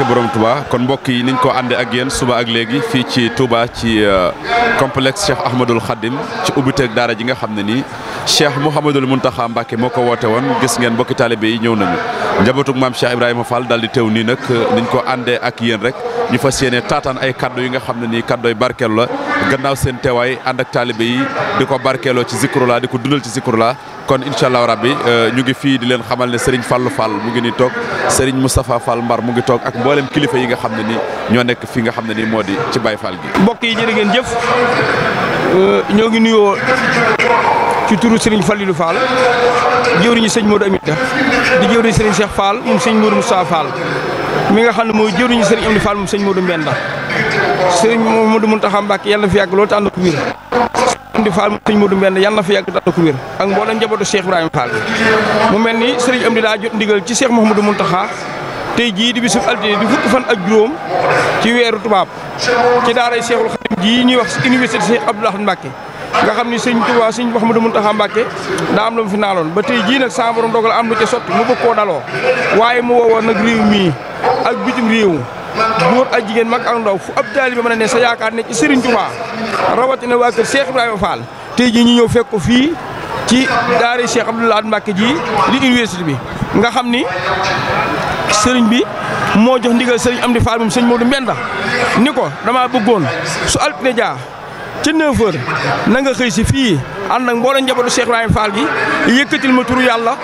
borom Touba kon mbokk yi niñ ko àndee ak yenn suba ak léegi fii ci Touba ci euh, complexe Cheikh Ahmadoul Khadim ci ubbiteeg daara ji nga xam ne nii. cheikh Mouhamadul Mountakha Mbacke moo ko woote woon gis ngeen mbokki taalibe yi ñëw nañu njabootug maam Cheikh Ibrahima Fall daal di teew nii nag niñ ko àndee ak yéen rek ñu fa yéene taataan ay kàddu yi nga xam ne nii kaddoy barkeelu la gannaaw seen teewaay ànd ak taalibe yi di ko barkeeloo ci zikrulaa di ko dundal ci zikrulaa kon incha allahu rabbi euh, ñu ngi fii di leen xamal ne Serigne Fallou Fall mu ngi nii toog Serigne Moustapha Fall Mbar mu ngi toog ak mboolem kilifa yi nga xam ne nii ñoo nekk fi nga xam ne nii moo di ci Baye Fall gi. mbokk yi jërë ngeen ci turu Serigne Fallilou Fall jëwriñu sëñ Modou Amita di jëwriñu Serigne Cheikh Fall sëñ Modou Moustapha Fall mi nga xam ne mooy jëwriñu Serigne Amdi Fall moom sëñ Modou Mbenda Serigne mun Mountakha Mbacké yàlla na fi yàgg loolu te ànd ko wér Amdi Fall moom sëñ Modou Mbenda yàlla na fi yàgg te ànd ko wér ak mboolem njabootu Cheikh Ibrahima Fall mu mel ni Serigne Amdi laa jot ndigal ci Cheikh Mouhamadou Mountakha tey jii di bisub altine di fukki fan ak juróom ci weeru tubaab ci daaray Cheikhul Khadim jii ñuy wax université Cheikh Abdoul Ahad nga xam ni sëñ Tuubaa sëñ Mouhamadou Mountakha Mbacké daa am lu mu fi naaloon ba tey jii nag saa borom dogal am lu ci sotti mu bëgg daloo waaye mu woowoon nag réew mii ak bitim réew góor ak jigéen mag ak ndaw fu ab taalibe mën a ne sa yaakaar ne ci sëriñ Tuubaa rawatina waa kër Cheikh Ibrahima Fall tey jii ñu ñëw fekk ko fii ci daara Cheikh Abdou Lahad Mbacké ji li université bi nga xam ni sëriñ bi moo jox ndigal sëriñ Amdi Fall moom sëñ Modou Mbenda ni ko damaa bëggoon su altine ca 9h na nga xëy si fii ànd ak mboolem njabootu Cheikh Ibrahima Fall gi yëkkatil ma turu yàlla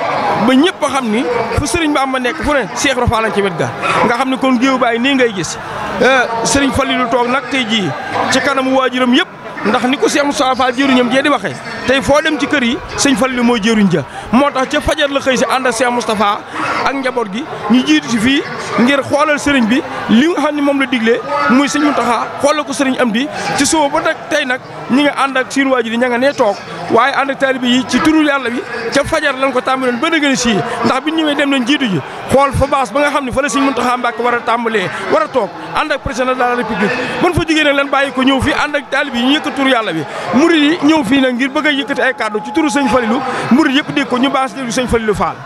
ba ñëpp a xam ni fu Serigne ma nekk fu ne Cheikh Ibrahima wet ga nga xam ne kon géew baay nii ngay gis eh, Serigne Fallilu toog nag tey jii ci kanamu waajuram yëpp. ndax ni ko Cheikh Moustapha Fall jëruñam jee di waxee tey foo dem ci kër yi sëñ Fallu mooy jëruñ ja moo tax ca fajar la xëy si ànd ak Cheikh Moustapha ak njaboot gi ñu jiitu si fii ngir xolal serign bi li nga xamni mom la diglé muy serign Muntaxa xolal ko serign am di ci so ba tak tay nak ñi nga and ak seen waajur yi ña nga nee toog waaye ak talib yi ci turu yalla bi ca fajar lan ko tàmbaloon ba dëgg si ndax bi ñewé dem nañ jiitu ji xol fa bass ba nga xamni fa la serign Muntaxa mbak wara tambalé wara tok and ak president de la république fa lan ko ñëw fi ak talib yi ñu turu bi murid yi ñew fi nak ngir bëgg yëkëti ay cadeau ci turu serign Falilu murid yëpp dégg ko ñu bass serign Falilu Faal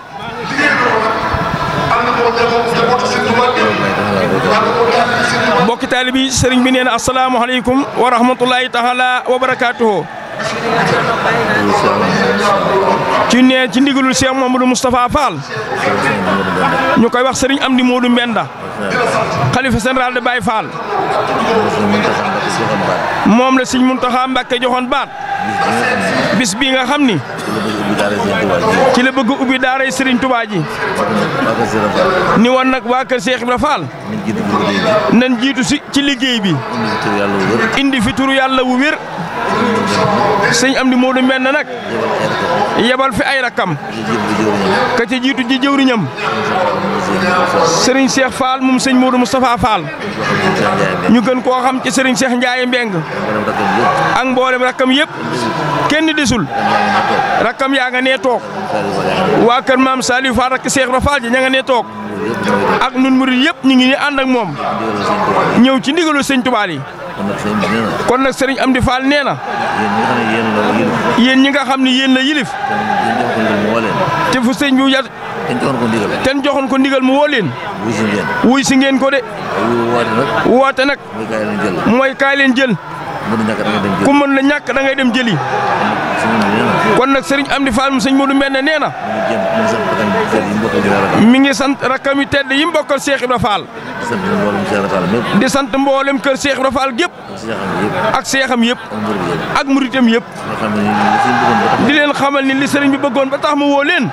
mbokki taalibe yi sëriñ bi nee na asalaamaaleykum wa rahmatulahi taala wa barakaatuhu ci nee ci ndigalul Cheikh Mamadou Moustapha Fall ñu koy wax sëriñ Amdi Modou Mbenda xalifa général de Baye Fall moom la sëriñ Muntaxa Mbàkke joxoon baat bis bi nga xam ni. ci la bëgg ubbi daaray Serigne Touba ji. ni woon nag waa kër Cheikh Ibra Fall. nan jiitu ci liggéey bi. indi fi turu yàlla wu wér. sëñ am di Modou Mbène nag. yebal fi ay rakam ka ca jiitu ji jëwriñam sëriñ Cheikh Fall moom sëñ Modou Moustapha Fall ñu gën koo xam ci sëriñ Cheikh Ndiaye Mbeng ak mboolem rakam yépp kenn desul rakam yaa nga nee toog waa kër maam Saliou Fall rakk Cheikh Ibra Fall ji ña nga nee toog ak nun murid yëpp ñu ngi ni ànd ak moom ñëw ci ndigalu sëñ Tuubaa yi kon nag sëriñ am di Fall nee na. yéen ñi nga xam ne yéen la yilif. te fu sëriñ bi yat ten joxoon ko ndigal mu woo leen. wuy si ngeen ko de. woote nag. mooy kaay leen jël. ku mën na ñàkk da ngay dem jëli. kon nag Serigne Amdi Fall mu sëñ Modou Mbène nee na. mi ngi sant rakkam yi tedd yi mu bokkal Cheikh Ibra Fall. di sant mboolem kër Cheikh ra faal gépp ak seexam yëpp. ak muritam yëpp. di leen xamal ni li sëriñ bi bëggoon ba tax mu woo leen.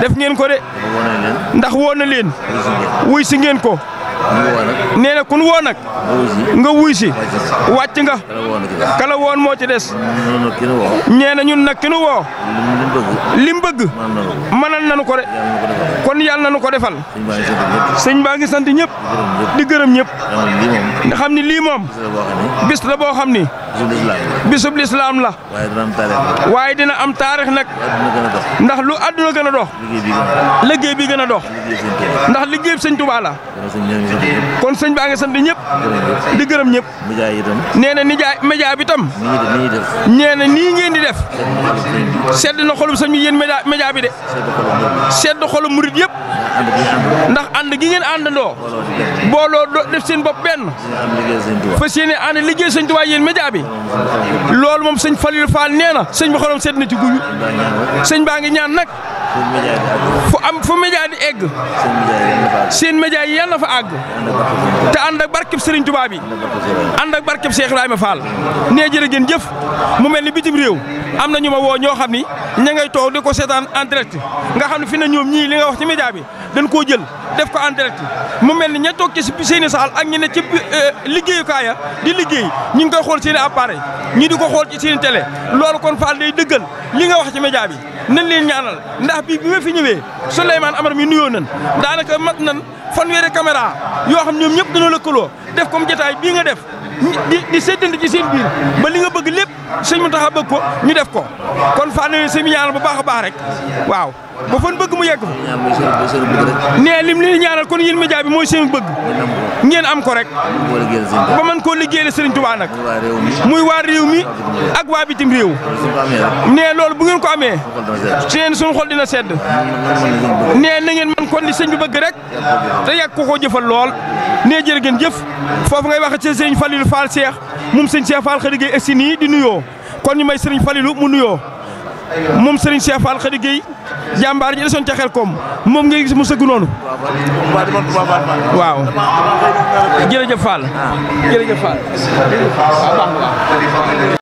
def ngeen ko de. ndax woo na leen. wuy si ngeen ko. nee na kun woo nag. nga wuy si. wàcc nga. kala woon moo ci des. nee na ñun nag ki nu woo. li mu bëgg. mënal nañu ko de. kon yàlla nañu ko defal. sëñ baa ngi sant ñëpp. di gërëm ñëpp. na xam ni lii moom. bis la boo xam ni. bisub lislaam la. waaye dina am taarix nag. ndax lu àdduna gën a dox. liggéey bi gën a dox. ndax liggéey bi sëñ Tuubaa kon sëñ baa nga sant ñep di nih ñëpp neena ni jaay nih bi tam neena ni ngeen di def sedd na xolum sëñ bi media media bi de sedd xolum murit yep ndax and gi ngeen àndandoo booloo def seen bop ben fas yéene ànd liggéey sëñ Tuubaa yéen bi lool mom sëñ Falil Fall neena na sëñ bi xolom sedd na ci guñu sëñ baa ñaan nak fu am fu média di egg seen média yi yal na fa àgg te ànd ak barkeb sëriñ Touba bi ànd ak barkeb Cheikh Ibrahima Fall nee jërë jëf mu mel ni bitim réew am na ñu ma woo ñoo xam ni ña ngay toog di ko seetaan en nga xam ne fi na ñoom ñii li nga wax ci média bi dañ koo jël def ko en mu mel ni ña toog ci seeni saal ak ñi ne ci euh, liggéeyukaaya di liggéey ñu ngi koy xool seeni appareil ñi di ko xool ci seeni télé loolu kon Fall day dëggal li nga wax ci média bi nañ bi bi ma fi ñëwee Souleymane Amar mi nuyoo nan daanaka mat nan fanweeri caméra yoo xam ñoom ñëpp dañoo lëkkaloo def ko comme jotaay bii nga def di di seetante ci seen biir ba li nga bëgg lépp sëñ Muntaxa bëgg ko ñu def ko kon fànn sëñ bi ñaanal bu baax a baax rek waaw ba fan bëgg mu yegg fa nee lim li ñaanal kon yéen média bi mooy seen bëgg ngeen am ko rek ba man koo liggéeyal sëriñ Tuubaa nag muy waa réew mi ak waa bitim réew nee loolu bu ngeen ko amee seen suñu xol dina sedd nee na ngeen man kon li sëñ bi bëgg rek te yàgg ko ko jëfal lool nee jërë jëf foofu ngay wax ci sëñ Falilu Falilou Fall Cheikh moom sëñ Cheikh Fall Khady Gueye di nuyoo kon ñu may sëriñ Falilou mu nuyoo moom sëriñ Cheikh Fall Khady Gueye jàmbaar ñi desoon ca xel moom ngay gis mu sëgg noonu. waaw jërëjëf Fall jërëjëf Fall.